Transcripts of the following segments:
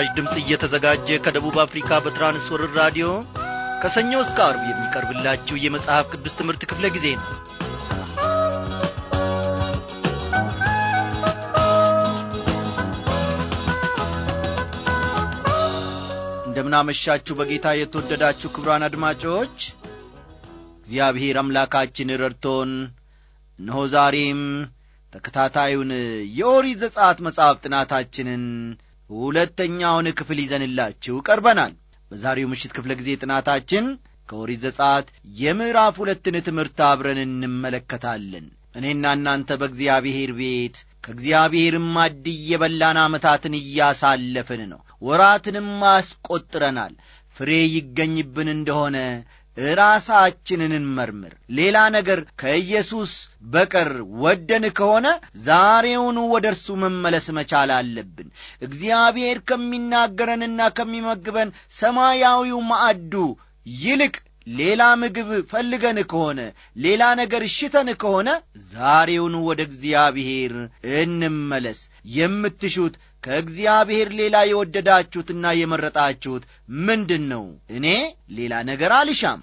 ለመስራች ድምፅ እየተዘጋጀ ከደቡብ አፍሪካ በትራንስወርር ራዲዮ ከሰኞ እስከ አርብ የሚቀርብላችሁ የመጽሐፍ ቅዱስ ትምህርት ክፍለ ጊዜ ነው እንደምናመሻችሁ በጌታ የተወደዳችሁ ክብራን አድማጮች እግዚአብሔር አምላካችን ረድቶን እነሆ ዛሬም ተከታታዩን የኦሪት ዘጸአት መጽሐፍ ጥናታችንን ሁለተኛውን ክፍል ይዘንላችሁ ቀርበናል በዛሬው ምሽት ክፍለ ጊዜ ጥናታችን ከኦሪት ዘጸአት የምዕራፍ ሁለትን ትምህርት አብረን እንመለከታለን እኔና እናንተ በእግዚአብሔር ቤት ከእግዚአብሔርም ማድ የበላን ዓመታትን እያሳለፍን ነው ወራትንም አስቆጥረናል ፍሬ ይገኝብን እንደሆነ ራሳችንን እንመርምር። ሌላ ነገር ከኢየሱስ በቀር ወደን ከሆነ ዛሬውኑ ወደ እርሱ መመለስ መቻል አለብን። እግዚአብሔር ከሚናገረንና ከሚመግበን ሰማያዊው ማዕዱ ይልቅ ሌላ ምግብ ፈልገን ከሆነ ሌላ ነገር ሽተን ከሆነ ዛሬውኑ ወደ እግዚአብሔር እንመለስ። የምትሹት ከእግዚአብሔር ሌላ የወደዳችሁትና የመረጣችሁት ምንድን ነው? እኔ ሌላ ነገር አልሻም።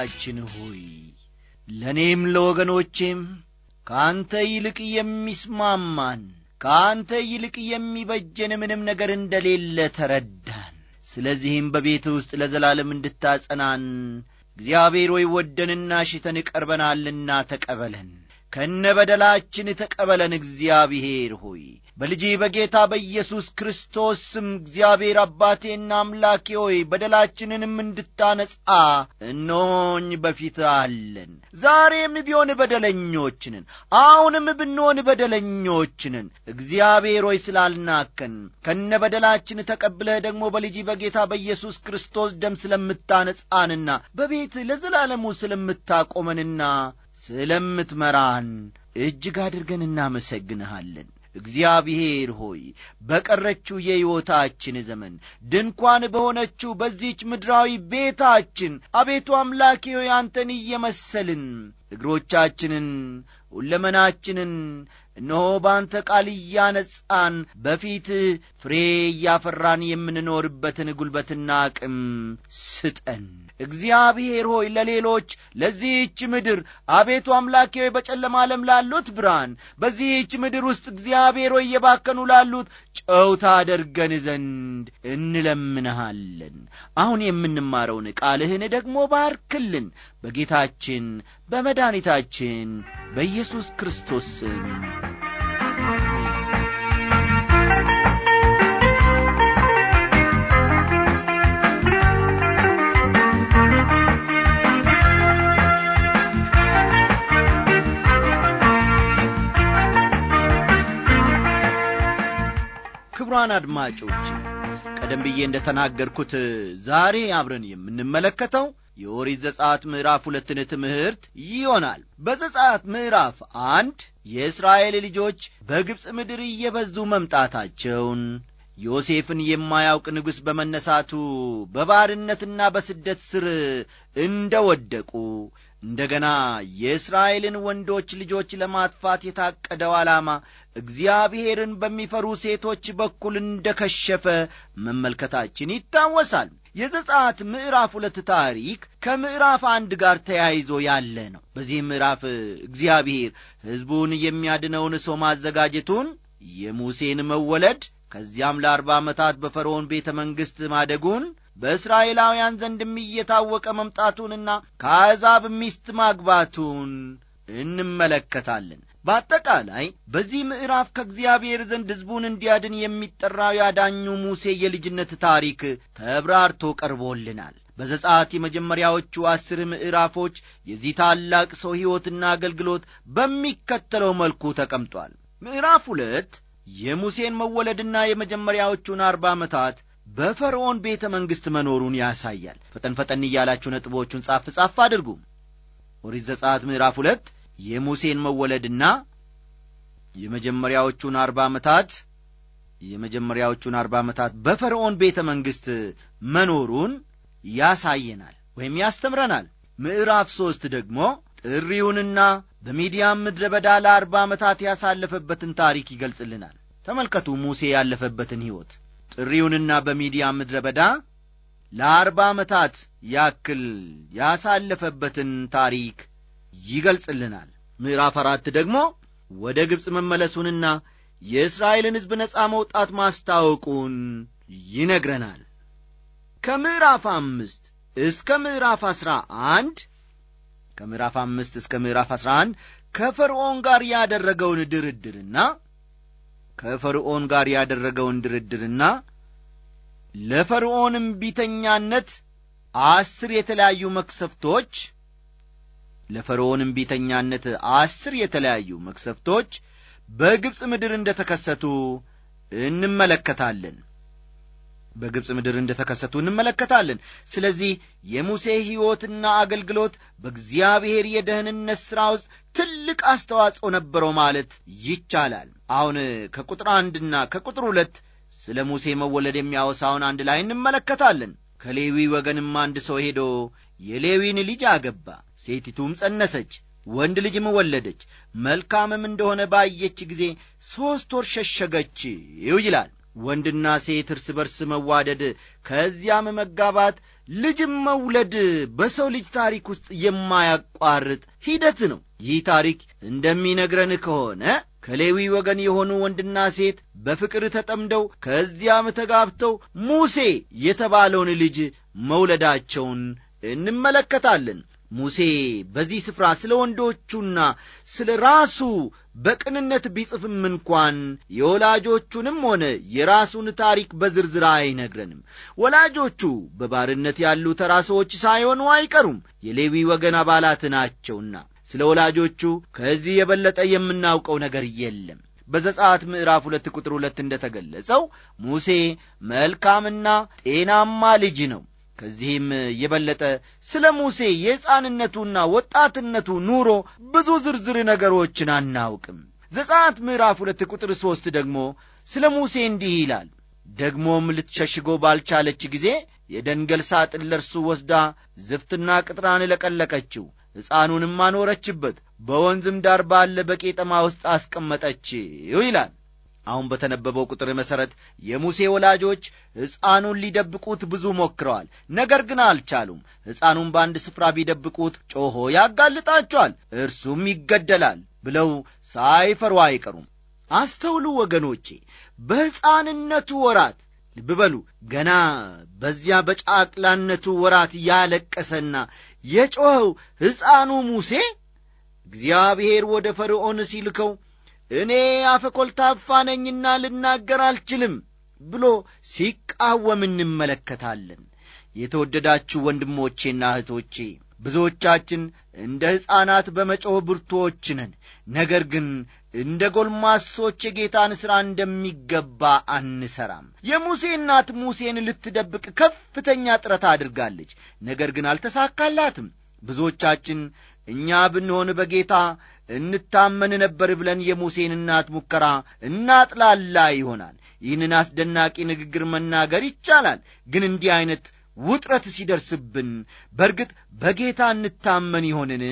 ጌታችን ሆይ ለእኔም ለወገኖቼም ከአንተ ይልቅ የሚስማማን ከአንተ ይልቅ የሚበጀን ምንም ነገር እንደሌለ ተረዳን ስለዚህም በቤት ውስጥ ለዘላለም እንድታጸናን እግዚአብሔር ወይ ወደንና ሽተን ቀርበናልና ተቀበለን ከነ በደላችን ተቀበለን እግዚአብሔር ሆይ በልጅ በጌታ በኢየሱስ ክርስቶስ ስም እግዚአብሔር አባቴና አምላኬ ሆይ በደላችንንም እንድታነጻ እኖኝ በፊት አለን። ዛሬም ቢሆን በደለኞችንን፣ አሁንም ብንሆን በደለኞችንን። እግዚአብሔር ሆይ ስላልናከን ከነ በደላችን ተቀብለህ ደግሞ በልጅ በጌታ በኢየሱስ ክርስቶስ ደም ስለምታነጻንና በቤት ለዘላለሙ ስለምታቆመንና ስለምትመራን እጅግ አድርገን እናመሰግንሃለን። እግዚአብሔር ሆይ በቀረችው የሕይወታችን ዘመን ድንኳን በሆነችው በዚች ምድራዊ ቤታችን አቤቱ አምላኬ ሆይ አንተን እየመሰልን እግሮቻችንን ሁለመናችንን እነሆ በአንተ ቃል እያነጻን በፊትህ ፍሬ እያፈራን የምንኖርበትን ጒልበትና አቅም ስጠን። እግዚአብሔር ሆይ ለሌሎች ለዚህች ምድር አቤቱ አምላኬ ሆይ በጨለማ ዓለም ላሉት ብርሃን፣ በዚህች ምድር ውስጥ እግዚአብሔር ሆይ እየባከኑ ላሉት ጨውታ አደርገን ዘንድ እንለምንሃለን። አሁን የምንማረውን ቃልህን ደግሞ ባርክልን በጌታችን በመድኃኒታችን በኢየሱስ ክርስቶስ ስም ክቡራን አድማጮች ቀደም ብዬ እንደ ተናገርኩት ዛሬ አብረን የምንመለከተው የኦሪት ዘጻት ምዕራፍ ሁለትን ትምህርት ይሆናል በዘጻት ምዕራፍ አንድ የእስራኤል ልጆች በግብፅ ምድር እየበዙ መምጣታቸውን ዮሴፍን የማያውቅ ንጉሥ በመነሳቱ በባርነትና በስደት ስር እንደ ወደቁ እንደ ገና የእስራኤልን ወንዶች ልጆች ለማጥፋት የታቀደው ዓላማ እግዚአብሔርን በሚፈሩ ሴቶች በኩል እንደ ከሸፈ መመልከታችን ይታወሳል የዘጻት ምዕራፍ ሁለት ታሪክ ከምዕራፍ አንድ ጋር ተያይዞ ያለ ነው። በዚህ ምዕራፍ እግዚአብሔር ሕዝቡን የሚያድነውን ሰው ማዘጋጀቱን፣ የሙሴን መወለድ፣ ከዚያም ለአርባ ዓመታት በፈርዖን ቤተ መንግሥት ማደጉን በእስራኤላውያን ዘንድም እየታወቀ መምጣቱንና ከአሕዛብ ሚስት ማግባቱን እንመለከታለን። በአጠቃላይ በዚህ ምዕራፍ ከእግዚአብሔር ዘንድ ሕዝቡን እንዲያድን የሚጠራው ያዳኙ ሙሴ የልጅነት ታሪክ ተብራርቶ ቀርቦልናል። በዘጻት የመጀመሪያዎቹ አስር ምዕራፎች የዚህ ታላቅ ሰው ሕይወትና አገልግሎት በሚከተለው መልኩ ተቀምጧል። ምዕራፍ ሁለት የሙሴን መወለድና የመጀመሪያዎቹን አርባ ዓመታት በፈርዖን ቤተ መንግሥት መኖሩን ያሳያል። ፈጠን ፈጠን እያላችሁ ነጥቦቹን ጻፍ ጻፍ አድርጉ። ኦሪት ዘጸአት ምዕራፍ ሁለት የሙሴን መወለድና የመጀመሪያዎቹን አርባ ዓመታት የመጀመሪያዎቹን አርባ ዓመታት በፈርዖን ቤተ መንግሥት መኖሩን ያሳየናል ወይም ያስተምረናል። ምዕራፍ ሦስት ደግሞ ጥሪውንና በሚዲያም ምድረ በዳ ለአርባ ዓመታት ያሳለፈበትን ታሪክ ይገልጽልናል። ተመልከቱ ሙሴ ያለፈበትን ሕይወት። ጥሪውንና በሚዲያም ምድረ በዳ ለአርባ ዓመታት ያክል ያሳለፈበትን ታሪክ ይገልጽልናል። ምዕራፍ አራት ደግሞ ወደ ግብፅ መመለሱንና የእስራኤልን ሕዝብ ነፃ መውጣት ማስታወቁን ይነግረናል። ከምዕራፍ አምስት እስከ ምዕራፍ አስራ አንድ ከምዕራፍ አምስት እስከ ምዕራፍ አስራ አንድ ከፈርዖን ጋር ያደረገውን ድርድርና ከፈርዖን ጋር ያደረገውን ድርድርና ለፈርዖንም ቢተኛነት አስር የተለያዩ መክሰፍቶች ለፈርዖን እምቢተኛነት አስር የተለያዩ መክሰፍቶች በግብፅ ምድር እንደ ተከሰቱ እንመለከታለን በግብፅ ምድር እንደ ተከሰቱ እንመለከታለን ስለዚህ የሙሴ ሕይወትና አገልግሎት በእግዚአብሔር የደህንነት ሥራ ውስጥ ትልቅ አስተዋጽኦ ነበረው ማለት ይቻላል አሁን ከቁጥር አንድና ከቁጥር ሁለት ስለ ሙሴ መወለድ የሚያወሳውን አንድ ላይ እንመለከታለን ከሌዊ ወገንም አንድ ሰው ሄዶ የሌዊን ልጅ አገባ። ሴቲቱም ጸነሰች፣ ወንድ ልጅም ወለደች። መልካምም እንደሆነ ባየች ጊዜ ሦስት ወር ሸሸገችው ይላል። ወንድና ሴት እርስ በርስ መዋደድ ከዚያም መጋባት ልጅም መውለድ በሰው ልጅ ታሪክ ውስጥ የማያቋርጥ ሂደት ነው። ይህ ታሪክ እንደሚነግረን ከሆነ ከሌዊ ወገን የሆኑ ወንድና ሴት በፍቅር ተጠምደው ከዚያም ተጋብተው ሙሴ የተባለውን ልጅ መውለዳቸውን እንመለከታለን። ሙሴ በዚህ ስፍራ ስለ ወንዶቹና ስለ ራሱ በቅንነት ቢጽፍም እንኳን የወላጆቹንም ሆነ የራሱን ታሪክ በዝርዝር አይነግረንም። ወላጆቹ በባርነት ያሉ ተራ ሰዎች ሳይሆኑ አይቀሩም፣ የሌዊ ወገን አባላት ናቸውና ስለ ወላጆቹ ከዚህ የበለጠ የምናውቀው ነገር የለም። በዘጻት ምዕራፍ ሁለት ቁጥር ሁለት እንደ ተገለጸው ሙሴ መልካምና ጤናማ ልጅ ነው። ከዚህም የበለጠ ስለ ሙሴ የሕፃንነቱና ወጣትነቱ ኑሮ ብዙ ዝርዝር ነገሮችን አናውቅም። ዘጻት ምዕራፍ ሁለት ቁጥር ሦስት ደግሞ ስለ ሙሴ እንዲህ ይላል። ደግሞም ልትሸሽጎ ባልቻለች ጊዜ የደንገል ሳጥን ለርሱ ወስዳ ዝፍትና ቅጥራን ለቀለቀችው፣ ሕፃኑንም አኖረችበት፣ በወንዝም ዳር ባለ በቄጠማ ውስጥ አስቀመጠችው ይላል። አሁን በተነበበው ቁጥር መሠረት የሙሴ ወላጆች ሕፃኑን ሊደብቁት ብዙ ሞክረዋል፣ ነገር ግን አልቻሉም። ሕፃኑን በአንድ ስፍራ ቢደብቁት ጮኾ ያጋልጣቸዋል፣ እርሱም ይገደላል ብለው ሳይፈሩ አይቀሩም። አስተውሉ ወገኖቼ፣ በሕፃንነቱ ወራት ልብ ገና በዚያ በጫቅላነቱ ወራት ያለቀሰና የጮኸው ሕፃኑ ሙሴ እግዚአብሔር ወደ ፈርዖን ሲልከው እኔ አፈ ነኝና ልናገር አልችልም ብሎ ሲቃወም እንመለከታለን። የተወደዳችሁ ወንድሞቼና እህቶቼ ብዙዎቻችን እንደ ሕፃናት በመጮህ ብርቱዎች ነን። ነገር ግን እንደ ጎልማሶች የጌታን ሥራ እንደሚገባ አንሠራም። የሙሴ እናት ሙሴን ልትደብቅ ከፍተኛ ጥረት አድርጋለች፣ ነገር ግን አልተሳካላትም። ብዙዎቻችን እኛ ብንሆን በጌታ እንታመን ነበር ብለን የሙሴን እናት ሙከራ እናጥላላ ይሆናል። ይህንን አስደናቂ ንግግር መናገር ይቻላል፣ ግን እንዲህ ዐይነት ውጥረት ሲደርስብን በእርግጥ በጌታ እንታመን ይሆንን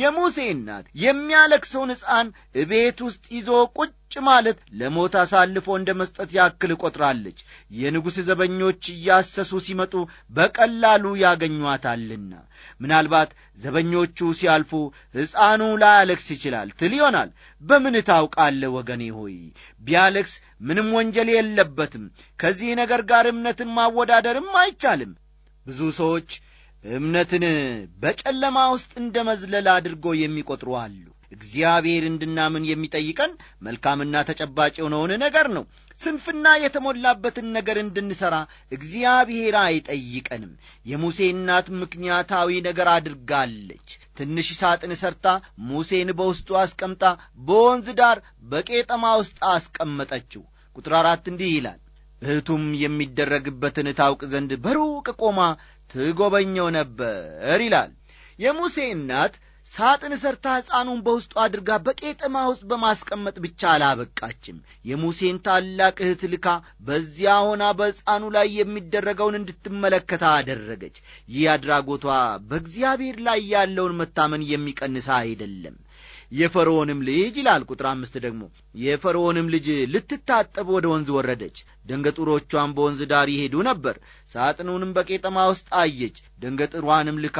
የሙሴ እናት የሚያለቅሰውን ሕፃን እቤት ውስጥ ይዞ ቁጭ ማለት ለሞት አሳልፎ እንደ መስጠት ያክል ቆጥራለች። የንጉሥ ዘበኞች እያሰሱ ሲመጡ በቀላሉ ያገኟታልና ምናልባት ዘበኞቹ ሲያልፉ ሕፃኑ ላያለቅስ ይችላል ትል ይሆናል። በምን ታውቃለ ወገኔ ሆይ? ቢያለቅስ ምንም ወንጀል የለበትም። ከዚህ ነገር ጋር እምነትን ማወዳደርም አይቻልም። ብዙ ሰዎች እምነትን በጨለማ ውስጥ እንደ መዝለል አድርጎ የሚቆጥሩ አሉ። እግዚአብሔር እንድናምን የሚጠይቀን መልካምና ተጨባጭ የሆነውን ነገር ነው። ስንፍና የተሞላበትን ነገር እንድንሠራ እግዚአብሔር አይጠይቀንም። የሙሴ እናት ምክንያታዊ ነገር አድርጋለች። ትንሽ ሳጥን ሰርታ ሙሴን በውስጡ አስቀምጣ በወንዝ ዳር በቄጠማ ውስጥ አስቀመጠችው። ቁጥር አራት እንዲህ ይላል እህቱም የሚደረግበትን ታውቅ ዘንድ በሩቅ ቆማ ትጎበኘው ነበር ይላል። የሙሴ እናት ሳጥን ሰርታ ሕፃኑን በውስጡ አድርጋ በቄጠማ ውስጥ በማስቀመጥ ብቻ አላበቃችም። የሙሴን ታላቅ እህት ልካ በዚያ ሆና በሕፃኑ ላይ የሚደረገውን እንድትመለከታ አደረገች። ይህ አድራጎቷ በእግዚአብሔር ላይ ያለውን መታመን የሚቀንስ አይደለም። የፈርዖንም ልጅ ይላል ቁጥር አምስት ደግሞ የፈርዖንም ልጅ ልትታጠብ ወደ ወንዝ ወረደች ደንገጡሮቿን በወንዝ ዳር ይሄዱ ነበር ሳጥኑንም በቄጠማ ውስጥ አየች ደንገጥሯንም ልካ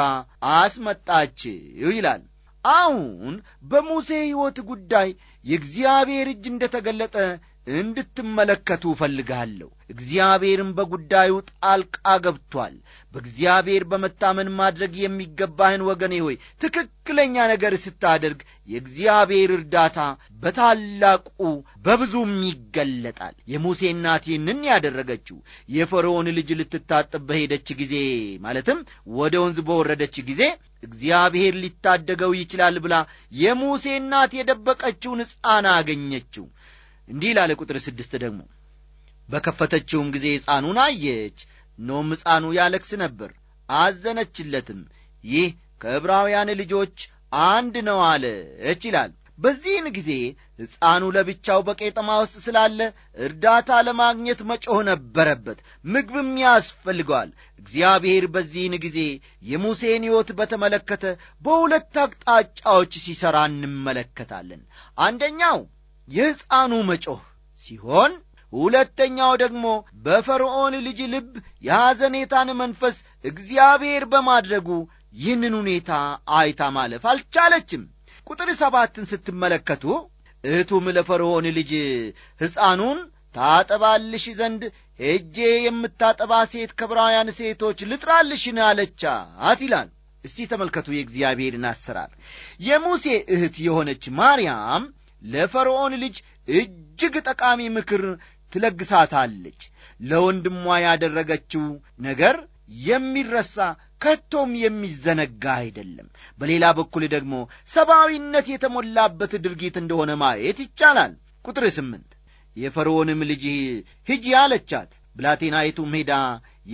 አስመጣችው ይላል አሁን በሙሴ ሕይወት ጉዳይ የእግዚአብሔር እጅ እንደ ተገለጠ እንድትመለከቱ እፈልግሃለሁ። እግዚአብሔርም በጉዳዩ ጣልቃ ገብቶአል። በእግዚአብሔር በመታመን ማድረግ የሚገባህን ወገኔ ሆይ ትክክለኛ ነገር ስታደርግ የእግዚአብሔር እርዳታ በታላቁ በብዙም ይገለጣል። የሙሴ እናት ይህንን ያደረገችው የፈርዖን ልጅ ልትታጠብ በሄደች ጊዜ ማለትም ወደ ወንዝ በወረደች ጊዜ እግዚአብሔር ሊታደገው ይችላል ብላ የሙሴ እናት የደበቀችውን ሕፃን አገኘችው። እንዲህ ላለ ቁጥር ስድስት ደግሞ በከፈተችውም ጊዜ ሕፃኑን አየች ኖም ሕፃኑ ያለክስ ነበር አዘነችለትም ይህ ከዕብራውያን ልጆች አንድ ነው አለች ይላል በዚህን ጊዜ ሕፃኑ ለብቻው በቄጠማ ውስጥ ስላለ እርዳታ ለማግኘት መጮህ ነበረበት ምግብም ያስፈልገዋል እግዚአብሔር በዚህን ጊዜ የሙሴን ሕይወት በተመለከተ በሁለት አቅጣጫዎች ሲሠራ እንመለከታለን አንደኛው የሕፃኑ መጮህ ሲሆን ሁለተኛው ደግሞ በፈርዖን ልጅ ልብ የሐዘኔታን መንፈስ እግዚአብሔር በማድረጉ ይህንን ሁኔታ አይታ ማለፍ አልቻለችም። ቁጥር ሰባትን ስትመለከቱ እህቱም ለፈርዖን ልጅ ሕፃኑን ታጠባልሽ ዘንድ ሄጄ የምታጠባ ሴት ከብራውያን ሴቶች ልጥራልሽን አለቻት ይላል። እስቲ ተመልከቱ የእግዚአብሔርን አሰራር። የሙሴ እህት የሆነች ማርያም ለፈርዖን ልጅ እጅግ ጠቃሚ ምክር ትለግሳታለች። ለወንድሟ ያደረገችው ነገር የሚረሳ ከቶም የሚዘነጋ አይደለም። በሌላ በኩል ደግሞ ሰብአዊነት የተሞላበት ድርጊት እንደሆነ ማየት ይቻላል። ቁጥር ስምንት የፈርዖንም ልጅ ሂጂ አለቻት፣ ብላቴናይቱም ሄዳ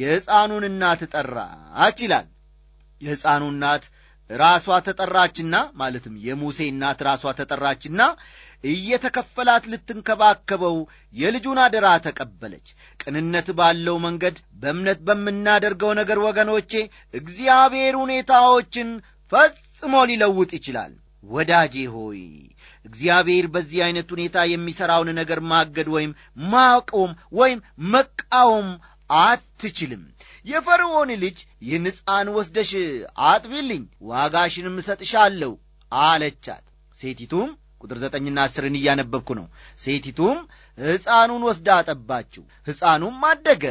የሕፃኑን እናት ጠራች ይላል። የሕፃኑ እናት ራሷ ተጠራችና ማለትም የሙሴ እናት ራሷ ተጠራችና እየተከፈላት ልትንከባከበው የልጁን አደራ ተቀበለች። ቅንነት ባለው መንገድ በእምነት በምናደርገው ነገር ወገኖቼ፣ እግዚአብሔር ሁኔታዎችን ፈጽሞ ሊለውጥ ይችላል። ወዳጄ ሆይ እግዚአብሔር በዚህ ዐይነት ሁኔታ የሚሠራውን ነገር ማገድ ወይም ማቆም ወይም መቃወም አትችልም። የፈርዖን ልጅ ይህን ወስደሽ አጥቢልኝ፣ ዋጋሽንም እሰጥሻለሁ አለቻት። ሴቲቱም ቁጥር ዘጠኝና አስርን እያነበብኩ ነው። ሴቲቱም ሕፃኑን ወስዳ አጠባችው። ሕፃኑም አደገ፣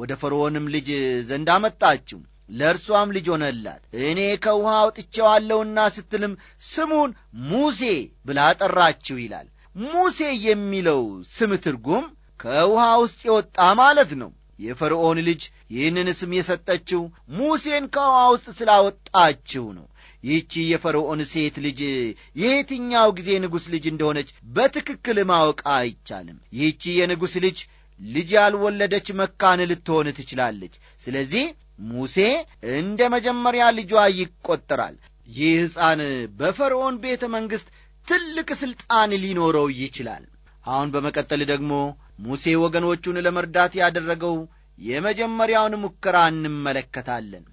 ወደ ፈርዖንም ልጅ ዘንድ አመጣችው፣ ለእርሷም ልጅ ሆነላት። እኔ ከውሃ አውጥቼዋለሁና ስትልም ስሙን ሙሴ ብላ ጠራችው ይላል። ሙሴ የሚለው ስም ትርጉም ከውሃ ውስጥ የወጣ ማለት ነው። የፈርዖን ልጅ ይህንን ስም የሰጠችው ሙሴን ከውኃ ውስጥ ስላወጣችው ነው። ይህቺ የፈርዖን ሴት ልጅ የየትኛው ጊዜ ንጉሥ ልጅ እንደሆነች በትክክል ማወቅ አይቻልም። ይህቺ የንጉሥ ልጅ ልጅ ያልወለደች መካን ልትሆን ትችላለች። ስለዚህ ሙሴ እንደ መጀመሪያ ልጇ ይቈጠራል። ይህ ሕፃን በፈርዖን ቤተ መንግሥት ትልቅ ሥልጣን ሊኖረው ይችላል። አሁን በመቀጠል ደግሞ ሙሴ ወገኖቹን ለመርዳት ያደረገው የመጀመሪያውን ሙከራ እንመለከታለን።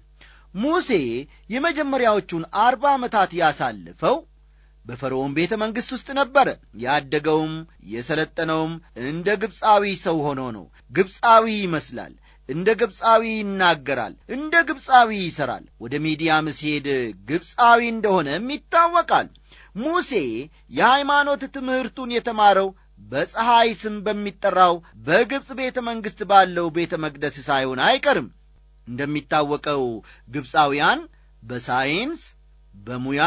ሙሴ የመጀመሪያዎቹን አርባ ዓመታት ያሳልፈው በፈርዖን ቤተ መንግሥት ውስጥ ነበረ። ያደገውም የሰለጠነውም እንደ ግብፃዊ ሰው ሆኖ ነው። ግብፃዊ ይመስላል። እንደ ግብፃዊ ይናገራል። እንደ ግብፃዊ ይሠራል። ወደ ሚዲያም ሲሄድ ግብፃዊ እንደሆነም ይታወቃል። ሙሴ የሃይማኖት ትምህርቱን የተማረው በፀሐይ ስም በሚጠራው በግብፅ ቤተ መንግሥት ባለው ቤተ መቅደስ ሳይሆን አይቀርም። እንደሚታወቀው ግብፃውያን በሳይንስ፣ በሙያ፣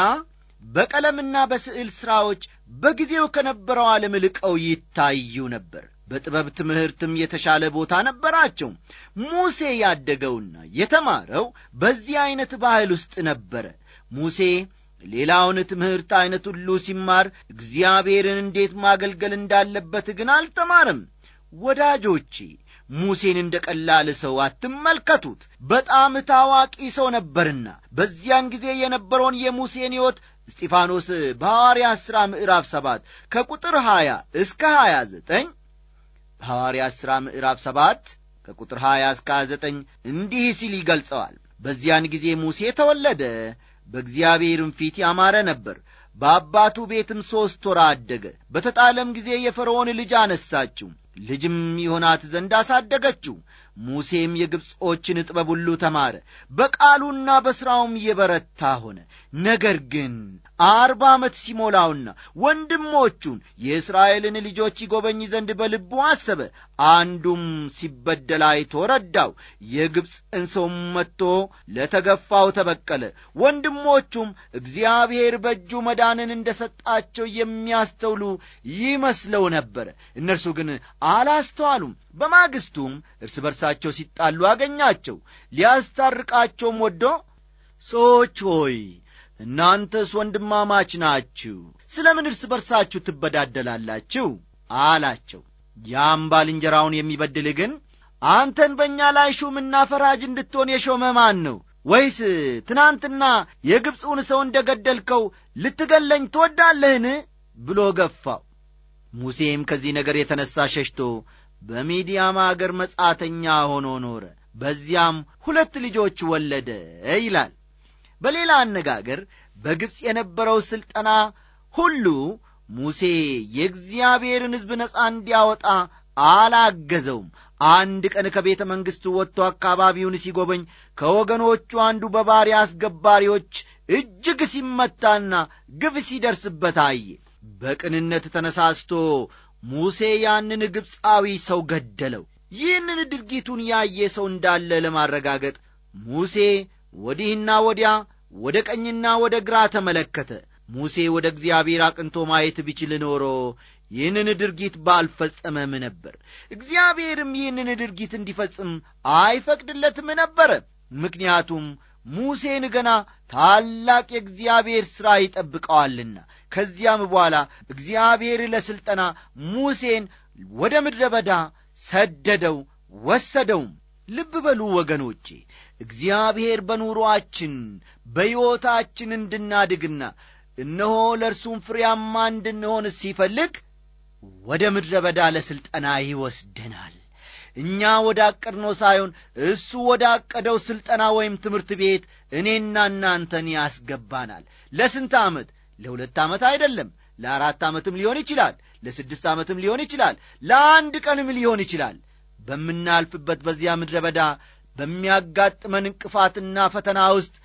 በቀለምና በስዕል ሥራዎች በጊዜው ከነበረው ዓለም ልቀው ይታዩ ነበር። በጥበብ ትምህርትም የተሻለ ቦታ ነበራቸው። ሙሴ ያደገውና የተማረው በዚህ ዐይነት ባህል ውስጥ ነበረ። ሙሴ ሌላውን ትምህርት ዐይነት ሁሉ ሲማር እግዚአብሔርን እንዴት ማገልገል እንዳለበት ግን አልተማርም ወዳጆቼ ሙሴን እንደ ቀላል ሰው አትመልከቱት በጣም ታዋቂ ሰው ነበርና በዚያን ጊዜ የነበረውን የሙሴን ሕይወት እስጢፋኖስ በሐዋርያ ሥራ ምዕራፍ ሰባት ከቁጥር 20 እስከ 29 በሐዋርያ ሥራ ምዕራፍ ሰባት ከቁጥር 20 እስከ 29 እንዲህ ሲል ይገልጸዋል በዚያን ጊዜ ሙሴ ተወለደ በእግዚአብሔርም ፊት ያማረ ነበር። በአባቱ ቤትም ሦስት ወር አደገ። በተጣለም ጊዜ የፈርዖን ልጅ አነሳችው፣ ልጅም ይሆናት ዘንድ አሳደገችው። ሙሴም የግብፆችን ጥበብ ሁሉ ተማረ፣ በቃሉና በሥራውም የበረታ ሆነ። ነገር ግን አርባ ዓመት ሲሞላውና ወንድሞቹን የእስራኤልን ልጆች ይጎበኝ ዘንድ በልቡ አሰበ። አንዱም ሲበደል አይቶ ረዳው፣ የግብፅ እንሰውም መጥቶ ለተገፋው ተበቀለ። ወንድሞቹም እግዚአብሔር በእጁ መዳንን እንደ ሰጣቸው የሚያስተውሉ ይመስለው ነበረ። እነርሱ ግን አላስተዋሉም። በማግስቱም እርስ በርሳ በእርሳቸው ሲጣሉ አገኛቸው። ሊያስታርቃቸውም ወዶ ሰዎች ሆይ እናንተስ ወንድማማች ናችሁ፣ ስለ ምን እርስ በርሳችሁ ትበዳደላላችሁ? አላቸው። ያም ባልንጀራውን የሚበድል ግን አንተን በእኛ ላይ ሹምና ፈራጅ እንድትሆን የሾመ ማን ነው? ወይስ ትናንትና የግብፁን ሰው እንደ ገደልከው ልትገለኝ ትወዳለህን? ብሎ ገፋው። ሙሴም ከዚህ ነገር የተነሣ ሸሽቶ በሚዲያም አገር መጻተኛ ሆኖ ኖረ፣ በዚያም ሁለት ልጆች ወለደ ይላል። በሌላ አነጋገር በግብፅ የነበረው ሥልጠና ሁሉ ሙሴ የእግዚአብሔርን ሕዝብ ነፃ እንዲያወጣ አላገዘውም። አንድ ቀን ከቤተ መንግሥቱ ወጥቶ አካባቢውን ሲጎበኝ ከወገኖቹ አንዱ በባሪያ አስገባሪዎች እጅግ ሲመታና ግፍ ሲደርስበት አየ። በቅንነት ተነሳስቶ ሙሴ ያንን ግብፃዊ ሰው ገደለው። ይህንን ድርጊቱን ያየ ሰው እንዳለ ለማረጋገጥ ሙሴ ወዲህና ወዲያ ወደ ቀኝና ወደ ግራ ተመለከተ። ሙሴ ወደ እግዚአብሔር አቅንቶ ማየት ቢችል ኖሮ ይህንን ድርጊት ባልፈጸመም ነበር። እግዚአብሔርም ይህንን ድርጊት እንዲፈጽም አይፈቅድለትም ነበረ። ምክንያቱም ሙሴን ገና ታላቅ የእግዚአብሔር ሥራ ይጠብቀዋልና ከዚያም በኋላ እግዚአብሔር ለሥልጠና ሙሴን ወደ ምድረ በዳ ሰደደው ወሰደውም። ልብ በሉ ወገኖቼ፣ እግዚአብሔር በኑሮአችን በሕይወታችን እንድናድግና እነሆ ለእርሱም ፍሬያማ እንድንሆን ሲፈልግ ወደ ምድረ በዳ ለሥልጠና ይወስደናል። እኛ ወደ አቀድነው ሳይሆን እሱ ወደ አቀደው ሥልጠና ወይም ትምህርት ቤት እኔና እናንተን ያስገባናል። ለስንት ዓመት? ለሁለት ዓመት አይደለም ለአራት ዓመትም ሊሆን ይችላል ለስድስት ዓመትም ሊሆን ይችላል ለአንድ ቀንም ሊሆን ይችላል በምናልፍበት በዚያ ምድረ በዳ በሚያጋጥመን እንቅፋትና ፈተና ውስጥ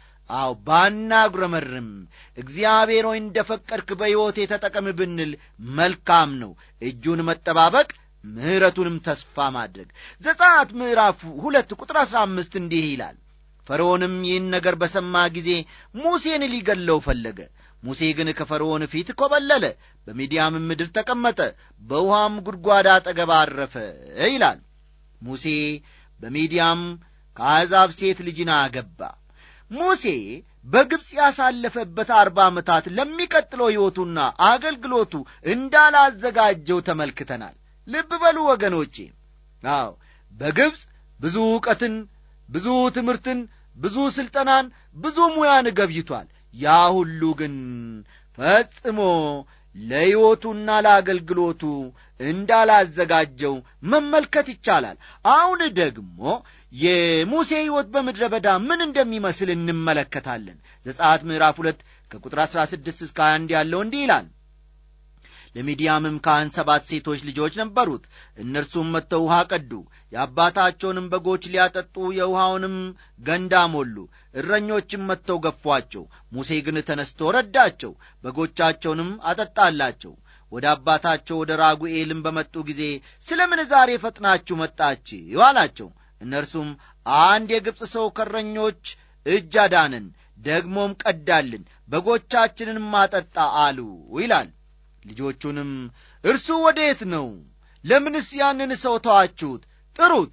አው ባናጉረመርም እግዚአብሔር ሆይ እንደ ፈቀድክ በሕይወቴ ተጠቀም ብንል መልካም ነው እጁን መጠባበቅ ምሕረቱንም ተስፋ ማድረግ ዘጻት ምዕራፍ ሁለት ቁጥር አሥራ አምስት እንዲህ ይላል ፈርዖንም ይህን ነገር በሰማ ጊዜ ሙሴን ሊገለው ፈለገ ሙሴ ግን ከፈርዖን ፊት ኮበለለ፣ በሚዲያም ምድር ተቀመጠ፣ በውሃም ጉድጓድ አጠገብ አረፈ ይላል። ሙሴ በሚዲያም ከአሕዛብ ሴት ልጅን አገባ። ሙሴ በግብፅ ያሳለፈበት አርባ ዓመታት ለሚቀጥለው ሕይወቱና አገልግሎቱ እንዳላዘጋጀው ተመልክተናል። ልብ በሉ ወገኖቼ። አዎ በግብፅ ብዙ ዕውቀትን፣ ብዙ ትምህርትን፣ ብዙ ሥልጠናን፣ ብዙ ሙያን ገብይቷል። ያ ሁሉ ግን ፈጽሞ ለሕይወቱና ለአገልግሎቱ እንዳላዘጋጀው መመልከት ይቻላል። አሁን ደግሞ የሙሴ ሕይወት በምድረ በዳ ምን እንደሚመስል እንመለከታለን። ዘጻት ምዕራፍ ሁለት ከቁጥር 16 እስከ 21 ያለው እንዲህ ይላል ለሚዲያምም ካህን ሰባት ሴቶች ልጆች ነበሩት። እነርሱም መጥተው ውሃ ቀዱ፣ የአባታቸውንም በጎች ሊያጠጡ የውሃውንም ገንዳ ሞሉ። እረኞችም መጥተው ገፏቸው። ሙሴ ግን ተነስቶ ረዳቸው፣ በጎቻቸውንም አጠጣላቸው። ወደ አባታቸው ወደ ራጉኤልም በመጡ ጊዜ ስለ ምን ዛሬ ፈጥናችሁ መጣችሁ አላቸው። እነርሱም አንድ የግብፅ ሰው ከረኞች እጅ አዳነን፣ ደግሞም ቀዳልን፣ በጎቻችንን ማጠጣ አሉ ይላል። ልጆቹንም እርሱ ወዴት ነው? ለምንስ ያንን ሰው ተዋችሁት? ጥሩት፣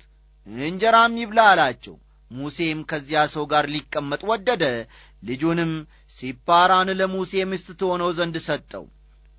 እንጀራም ይብላ አላቸው። ሙሴም ከዚያ ሰው ጋር ሊቀመጥ ወደደ። ልጁንም ሲፓራን ለሙሴ ምስት ትሆነው ዘንድ ሰጠው።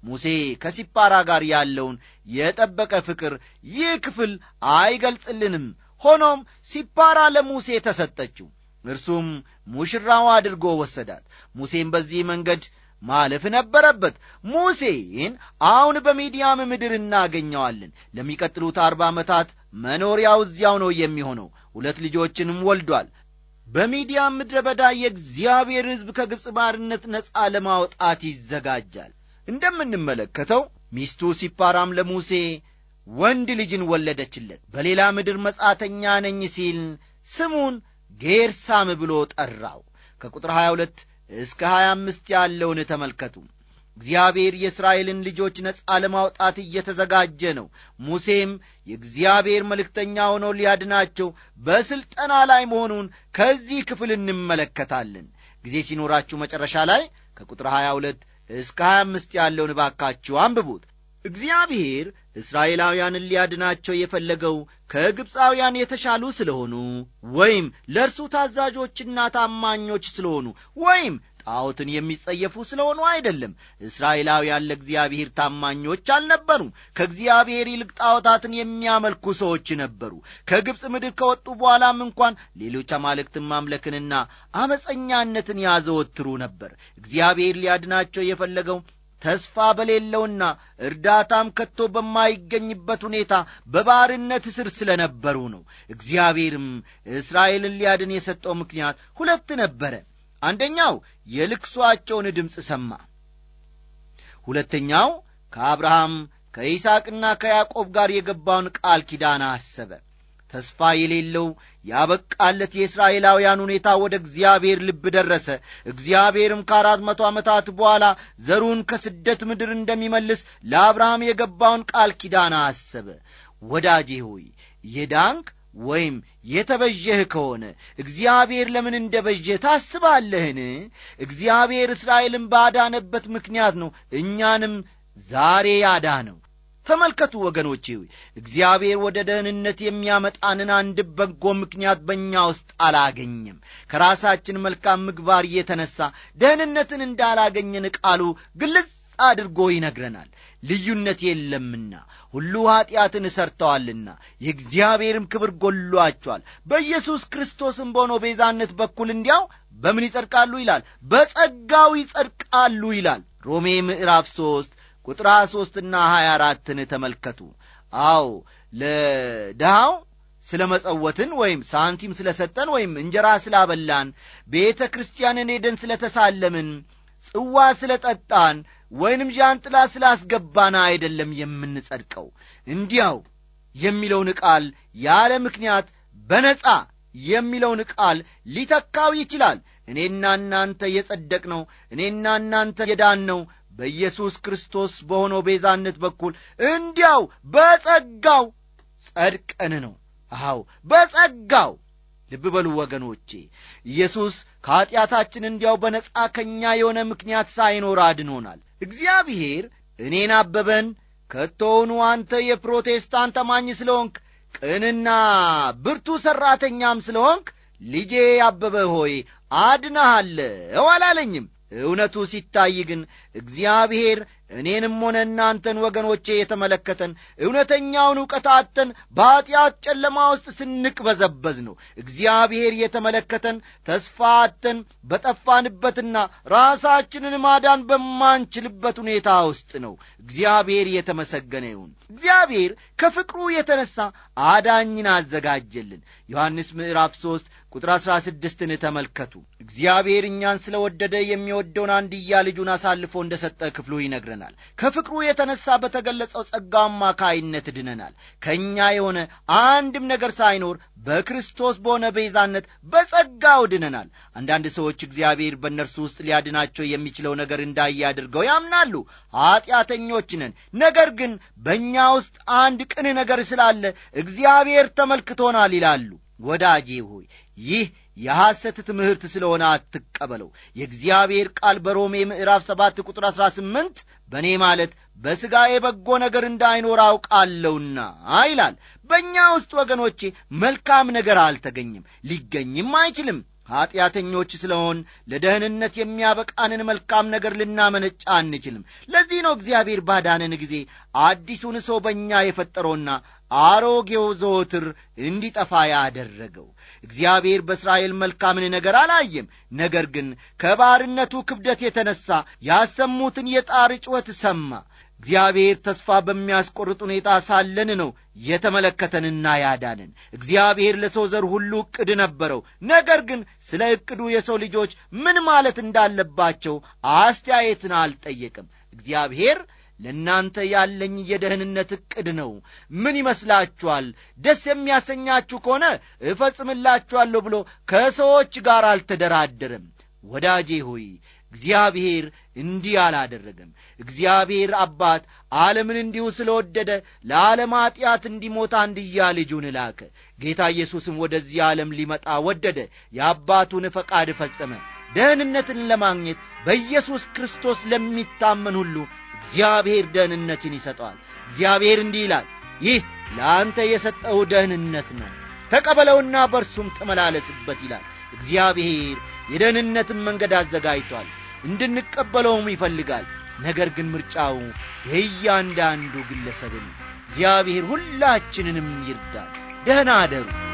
ሙሴ ከሲፓራ ጋር ያለውን የጠበቀ ፍቅር ይህ ክፍል አይገልጽልንም። ሆኖም ሲፓራ ለሙሴ ተሰጠችው፣ እርሱም ሙሽራው አድርጎ ወሰዳት። ሙሴም በዚህ መንገድ ማለፍ ነበረበት። ሙሴን አሁን በሚዲያም ምድር እናገኘዋለን። ለሚቀጥሉት አርባ ዓመታት መኖሪያው እዚያው ነው የሚሆነው። ሁለት ልጆችንም ወልዷል። በሚዲያም ምድረ በዳ የእግዚአብሔር ሕዝብ ከግብፅ ባርነት ነፃ ለማውጣት ይዘጋጃል። እንደምንመለከተው ሚስቱ ሲፓራም ለሙሴ ወንድ ልጅን ወለደችለት። በሌላ ምድር መጻተኛ ነኝ ሲል ስሙን ጌርሳም ብሎ ጠራው። ከቁጥር 22 እስከ ሀያ አምስት ያለውን ተመልከቱ እግዚአብሔር የእስራኤልን ልጆች ነፃ ለማውጣት እየተዘጋጀ ነው ሙሴም የእግዚአብሔር መልእክተኛ ሆኖ ሊያድናቸው በሥልጠና ላይ መሆኑን ከዚህ ክፍል እንመለከታለን ጊዜ ሲኖራችሁ መጨረሻ ላይ ከቁጥር 22 እስከ 25 ያለውን እባካችሁ አንብቡት እግዚአብሔር እስራኤላውያንን ሊያድናቸው የፈለገው ከግብፃውያን የተሻሉ ስለሆኑ ወይም ለእርሱ ታዛዦችና ታማኞች ስለሆኑ ወይም ጣዖትን የሚጸየፉ ስለሆኑ አይደለም። እስራኤላውያን ለእግዚአብሔር ታማኞች አልነበሩም። ከእግዚአብሔር ይልቅ ጣዖታትን የሚያመልኩ ሰዎች ነበሩ። ከግብፅ ምድር ከወጡ በኋላም እንኳን ሌሎች አማልክትን ማምለክንና አመፀኛነትን ያዘወትሩ ነበር። እግዚአብሔር ሊያድናቸው የፈለገው ተስፋ በሌለውና እርዳታም ከቶ በማይገኝበት ሁኔታ በባርነት እስር ስለ ነበሩ ነው። እግዚአብሔርም እስራኤልን ሊያድን የሰጠው ምክንያት ሁለት ነበረ። አንደኛው የልቅሷቸውን ድምፅ ሰማ። ሁለተኛው ከአብርሃም ከይስሐቅና ከያዕቆብ ጋር የገባውን ቃል ኪዳን አሰበ። ተስፋ የሌለው ያበቃለት የእስራኤላውያን ሁኔታ ወደ እግዚአብሔር ልብ ደረሰ እግዚአብሔርም ከአራት መቶ ዓመታት በኋላ ዘሩን ከስደት ምድር እንደሚመልስ ለአብርሃም የገባውን ቃል ኪዳን አሰበ ወዳጄ ሆይ የዳንክ ወይም የተበዠህ ከሆነ እግዚአብሔር ለምን እንደ በዠህ ታስባለህን እግዚአብሔር እስራኤልን ባዳነበት ምክንያት ነው እኛንም ዛሬ ያዳ ነው ተመልከቱ ወገኖች እግዚአብሔር ወደ ደህንነት የሚያመጣንን አንድ በጎ ምክንያት በእኛ ውስጥ አላገኘም ከራሳችን መልካም ምግባር እየተነሳ ደህንነትን እንዳላገኘን ቃሉ ግልጽ አድርጎ ይነግረናል ልዩነት የለምና ሁሉ ኀጢአትን እሠርተዋልና የእግዚአብሔርም ክብር ጎሏቸዋል በኢየሱስ ክርስቶስም በሆኖ ቤዛነት በኩል እንዲያው በምን ይጸድቃሉ ይላል በጸጋው ይጸድቃሉ ይላል ሮሜ ምዕራፍ ሦስት ቁጥር ሀያ ሦስትና ሀያ አራትን ተመልከቱ። አው ለድሃው ስለ መጸወትን ወይም ሳንቲም ስለ ሰጠን ወይም እንጀራ ስላበላን፣ ቤተ ክርስቲያንን ሄደን ስለ ተሳለምን፣ ጽዋ ስለ ጠጣን ወይንም ዣንጥላ ስላስገባን አይደለም የምንጸድቀው። እንዲያው የሚለውን ቃል ያለ ምክንያት በነጻ የሚለውን ቃል ሊተካው ይችላል። እኔና እናንተ የጸደቅነው፣ እኔና እናንተ የዳንነው በኢየሱስ ክርስቶስ በሆነው ቤዛነት በኩል እንዲያው በጸጋው ጸድቀን ነው። አው በጸጋው ልብ በሉ ወገኖቼ፣ ኢየሱስ ከኀጢአታችን እንዲያው በነጻ ከእኛ የሆነ ምክንያት ሳይኖር አድኖናል። እግዚአብሔር እኔን አበበን ከቶውኑ አንተ የፕሮቴስታንት አማኝ ስለ ሆንክ ቅንና ብርቱ ሠራተኛም ስለ ሆንክ ልጄ አበበ ሆይ አድናሃለው አላለኝም። እውነቱ ሲታይ ግን እግዚአብሔር እኔንም ሆነ እናንተን ወገኖቼ የተመለከተን እውነተኛውን እውቀት አተን በኀጢአት ጨለማ ውስጥ ስንቅበዘበዝ ነው። እግዚአብሔር የተመለከተን ተስፋ አተን በጠፋንበትና ራሳችንን ማዳን በማንችልበት ሁኔታ ውስጥ ነው። እግዚአብሔር የተመሰገነ ይሁን። እግዚአብሔር ከፍቅሩ የተነሳ አዳኝን አዘጋጀልን። ዮሐንስ ምዕራፍ 3 ቁጥር አሥራ ስድስትን ተመልከቱ። እግዚአብሔር እኛን ስለ ወደደ የሚወደውን አንድያ ልጁን አሳልፎ እንደ ሰጠ ክፍሉ ይነግረናል። ከፍቅሩ የተነሳ በተገለጸው ጸጋ አማካይነት ድነናል። ከእኛ የሆነ አንድም ነገር ሳይኖር በክርስቶስ በሆነ ቤዛነት በጸጋው ድነናል። አንዳንድ ሰዎች እግዚአብሔር በእነርሱ ውስጥ ሊያድናቸው የሚችለው ነገር እንዳየ አድርገው ያምናሉ። ኀጢአተኞች ነን፣ ነገር ግን በእኛ ውስጥ አንድ ቅን ነገር ስላለ እግዚአብሔር ተመልክቶናል ይላሉ። ወዳጄ ሆይ ይህ የሐሰት ትምህርት ስለሆነ አትቀበለው። የእግዚአብሔር ቃል በሮሜ ምዕራፍ 7 ቁጥር 18 በእኔ ማለት በሥጋ የበጎ ነገር እንዳይኖር አውቃለውና ይላል። በእኛ ውስጥ ወገኖቼ መልካም ነገር አልተገኝም፣ ሊገኝም አይችልም። ኀጢአተኞች ስለሆን ለደህንነት የሚያበቃንን መልካም ነገር ልናመነጫ አንችልም። ለዚህ ነው እግዚአብሔር ባዳንን ጊዜ አዲሱን ሰው በእኛ የፈጠረውና አሮጌው ዘወትር እንዲጠፋ ያደረገው። እግዚአብሔር በእስራኤል መልካምን ነገር አላየም። ነገር ግን ከባርነቱ ክብደት የተነሳ ያሰሙትን የጣር ጩኸት ሰማ። እግዚአብሔር ተስፋ በሚያስቆርጥ ሁኔታ ሳለን ነው የተመለከተንና ያዳንን። እግዚአብሔር ለሰው ዘር ሁሉ ዕቅድ ነበረው። ነገር ግን ስለ ዕቅዱ የሰው ልጆች ምን ማለት እንዳለባቸው አስተያየትን አልጠየቅም። እግዚአብሔር ለእናንተ ያለኝ የደህንነት ዕቅድ ነው። ምን ይመስላችኋል? ደስ የሚያሰኛችሁ ከሆነ እፈጽምላችኋለሁ ብሎ ከሰዎች ጋር አልተደራደረም። ወዳጄ ሆይ እግዚአብሔር እንዲህ አላደረገም። እግዚአብሔር አባት ዓለምን እንዲሁ ስለወደደ ለዓለም ኀጢአት እንዲሞት አንድያ ልጁን ላከ። ጌታ ኢየሱስም ወደዚህ ዓለም ሊመጣ ወደደ። የአባቱን ፈቃድ ፈጸመ። ደህንነትን ለማግኘት በኢየሱስ ክርስቶስ ለሚታመን ሁሉ እግዚአብሔር ደህንነትን ይሰጠዋል። እግዚአብሔር እንዲህ ይላል፣ ይህ ለአንተ የሰጠው ደህንነት ነው፣ ተቀበለውና በእርሱም ተመላለስበት ይላል። እግዚአብሔር የደህንነትን መንገድ አዘጋጅቷል፣ እንድንቀበለውም ይፈልጋል። ነገር ግን ምርጫው የእያንዳንዱ ግለሰብን እግዚአብሔር ሁላችንንም ይርዳል። ደህና አደሩ።